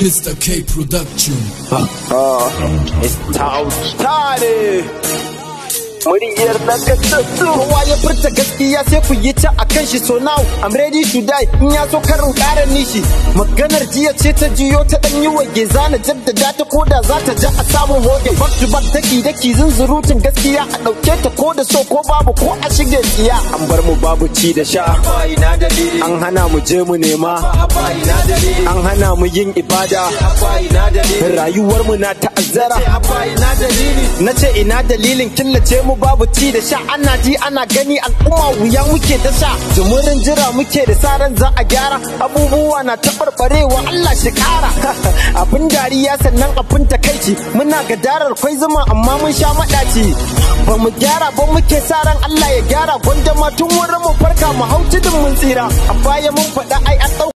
Mr. K Production. Muryar na kasassu kowa ya furta gaskiya sai ku yi ta akan shi so now I'm ready to die in ya so karin kara nishi maganar jiya ce ta jiyo ta dan yi wage zana jaddada ta koda za ta ja a samun hoge back to back daki daki zunzurutun gaskiya a ɗauke ta ko da so ko an bar mu babu ci da sha an hana mu je mu nema an hana mu yin ibada rayuwar mu na ta'azzara na ce ina dalilin killace mu babu ci da sha ana ji ana gani al'umma wuya muke da sha jumurin jira muke da saran za a gyara abubuwa na taɓarɓarewa Allah shi ƙara kariya sannan abin takaici muna gadarar kwai zuma amma mun sha maɗaci ba mu gyara ba muke sa ran Allah ya gyara gwanda matun tun wurin mu farka mu hau tudun mun tsira a baya mun faɗa ai an